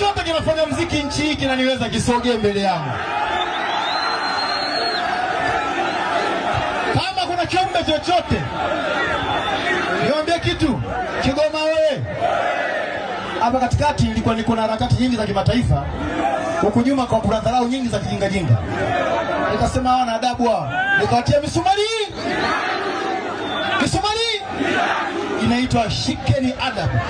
chochote kinafanya mziki nchi hii kinaniweza kisogee mbele yangu. Kama kuna kiumbe chochote, niwaambie kitu, Kigoma we, hapa katikati ilikuwa niko na harakati nyingi za kimataifa, huku nyuma kwa kuna dharau nyingi za kijingajinga. Nikasema hawa na adabu hawa, nikawatia misumari. Misumari inaitwa shikeni adabu.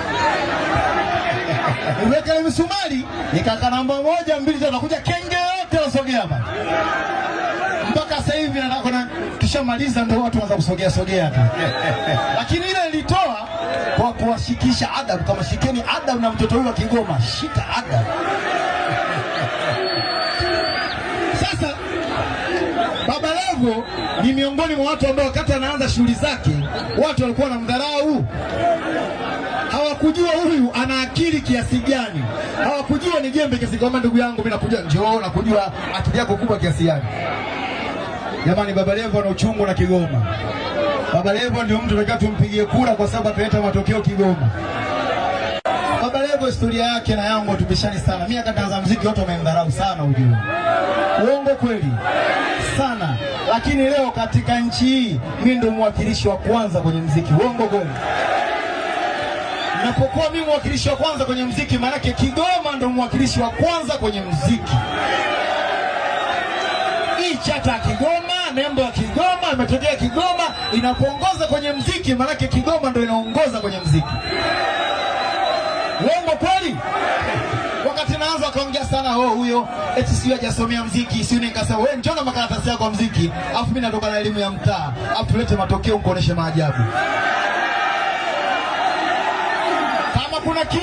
Nimeweka misumari nikaka namba moja mbili tatu, nakuja kenge yote wasogea hapa mpaka sasa hivi na kishamaliza ndio watu wanaanza kusogea sogea hapa, lakini ile ilitoa kwa kuwashikisha adabu, kama shikeni adabu na mtoto huyu wa Kigoma, shika adabu. Sasa Baba Levo ni miongoni mwa watu ambao wakati anaanza shughuli zake watu walikuwa na mdharau, hawakujua akili kiasi gani, hawakujua ni jembe kiasi gani. Ndugu yangu mimi nakujua, njoo nakujua akili yako kubwa kiasi gani. Jamani, Baba Levo ana uchungu na Kigoma. Baba Levo ndio mtu tunataka tumpigie kura kwa sababu ataleta matokeo Kigoma. Baba Levo historia yake na yangu tumeshani sana. Mimi akatangaza muziki watu wamemdharau sana, ujue uongo kweli sana, lakini leo katika nchi hii mimi ndio mwakilishi wa kwanza kwenye muziki. Uongo kweli? napokuwa mimi mwakilishi wa kwanza kwenye mziki, maanake Kigoma ndo mwakilishi wa kwanza kwenye mziki. Hii chata ya Kigoma, nembo ya Kigoma imetokea Kigoma, inapoongoza kwenye mziki, maanake Kigoma ndo inaongoza kwenye mziki. Uongo kweli? Wakati naanza akaongea sana oh, huyo eti sio hajasomea mziki, sio nikasema wewe njoo na makaratasi yako mziki, afu mimi natoka na elimu ya mtaa, afu lete matokeo, nikuoneshe maajabu kuna ki